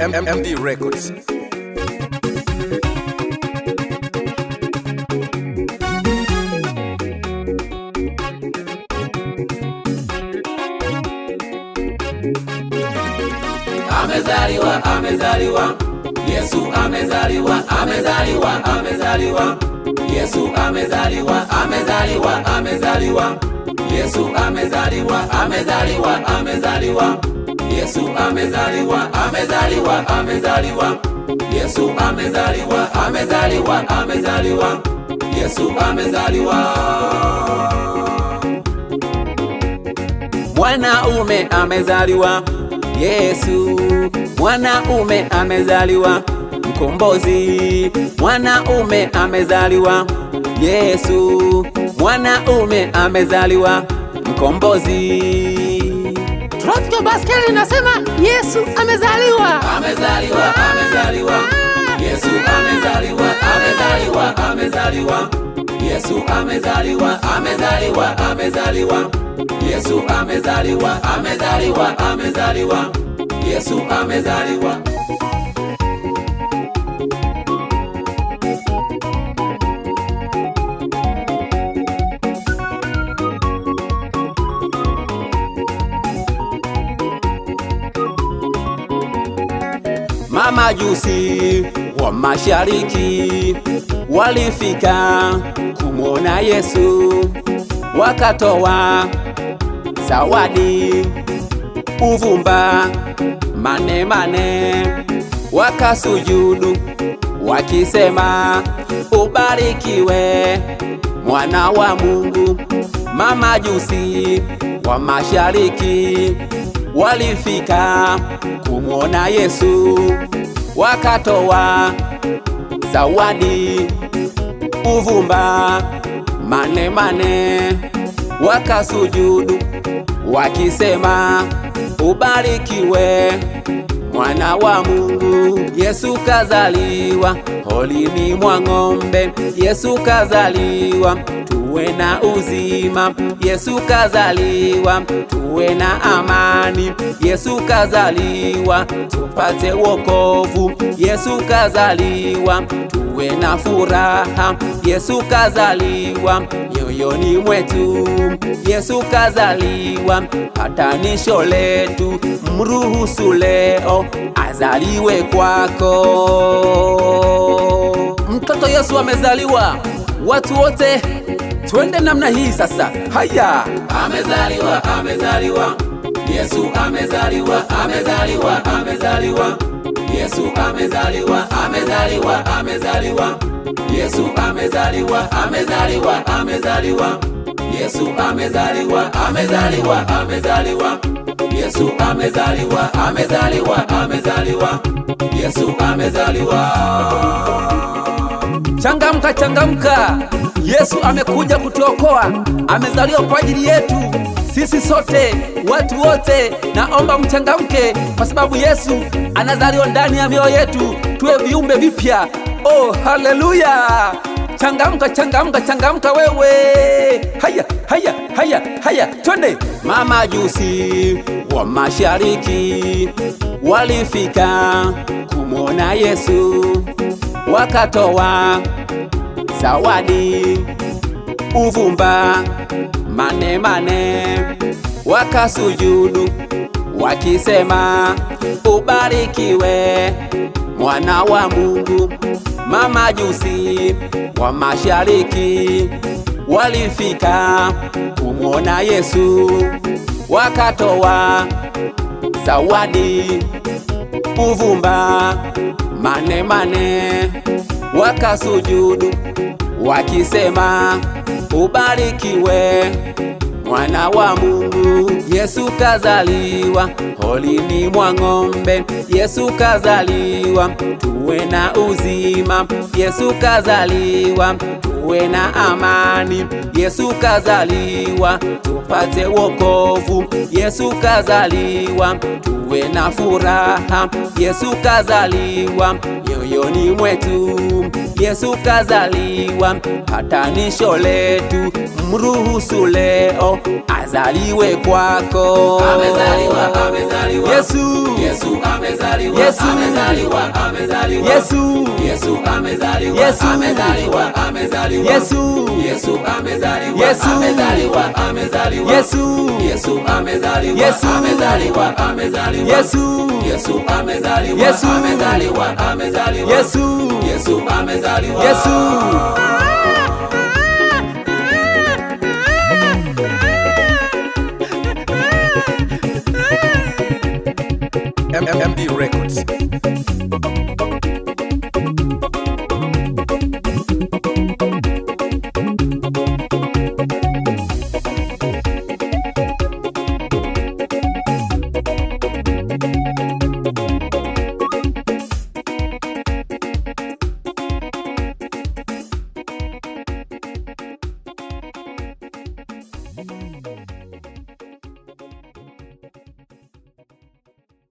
M MD Records. Amezaliwa, amezaliwa, Yesu amezaliwa, amezaliwa, amezaliwa, Yesu amezaliwa, amezaliwa, amezaliwa, Yesu amezaliwa, amezaliwa, amezaliwa. Yesu amezaliwa, amezaliwa, amezaliwa. Yesu amezaliwa, amezaliwa, amezaliwa. Yesu amezaliwa. Mwanaume amezaliwa, Yesu mwanaume amezaliwa, mkombozi. Mwanaume amezaliwa, Yesu mwanaume amezaliwa, mkombozi. Roscoe Baskeli nasema Yesu ah! ah! amezaliwa, amezaliwa, amezaliwa. Yesu amezaliwa, amezaliwa, amezaliwa. Yesu amezaliwa, amezaliwa, amezaliwa. Yesu amezaliwa, amezaliwa, amezaliwa. Yesu amezaliwa. Majusi wa mashariki walifika kumwona Yesu, wakatoa zawadi, uvumba, manemane, wakasujudu wakisema, ubarikiwe mwana wa Mungu. Mamajusi wa mashariki walifika kumwona Yesu wakatoa zawadi uvumba mane mane, wakasujudu wakisema ubarikiwe mwana wa Mungu, Yesu kazaliwa, holini mwa ng'ombe, Yesu kazaliwa, tuwe na uzima, Yesu kazaliwa, tuwe na amani, Yesu kazaliwa, tupate wokovu, Yesu kazaliwa, tuwe na furaha, Yesu kazaliwa mioyoni mwetu, Yesu kazaliwa, patanisho letu, mruhusu leo azaliwe kwako. Mtoto Yesu amezaliwa, watu wote twende namna hii sasa. Haya, amezaliwa, amezaliwa Yesu, amezaliwa, amezaliwa, amezaliwa Yesu, amezaliwa, amezaliwa, amezaliwa Yesu, amezaliwa, amezaliwa, amezaliwa Yesu, amezaliwa, amezaliwa, amezaliwa Yesu amezaliwa, amezaliwa, amezaliwa, Yesu amezaliwa. Changamka, changamka, Yesu amekuja kutuokoa, amezaliwa kwa ajili yetu sisi sote, watu wote. Naomba mchangamke, kwa sababu Yesu anazaliwa ndani ya mioyo yetu, tuwe viumbe vipya. Oh, haleluya! Changamka, changamka, changamka wewe, haya haya haya haya, twende. Mamajusi wa mashariki walifika kumwona Yesu, wakatoa zawadi, uvumba, mane mane, wakasujudu wakisema, ubarikiwe mwana wa Mungu mamajusi wa mashariki walifika kumwona Yesu, wakatoa zawadi uvumba mane mane, wakasujudu wakisema, ubarikiwe mwana wa Mungu. Yesu kazaliwa, holini mwa ng'ombe. Yesu kazaliwa, tuwe na uzima. Yesu kazaliwa tuwe na amani. Yesu kazaliwa tupate wokovu, Yesu kazaliwa tuwe na furaha, Yesu kazaliwa mioyoni mwetu, Yesu kazaliwa patanisho letu, mruhusu leo azaliwe kwako. Amezaliwa, amezaliwa. Yesu, Yesu amezaliwa, Yesu amezaliwa, amezaliwa. Yesu, Yesu amezaliwa, Yesu amezaliwa, amezaliwa amezaliwa, Yesu, Yesu amezaliwa, Yesu amezaliwa, amezaliwa, Yesu, Yesu amezaliwa, Yesu amezaliwa, amezaliwa, Yesu, Yesu amezaliwa, Yesu amezaliwa, amezaliwa, Yesu, Yesu amezaliwa, Yesu. MMD Records.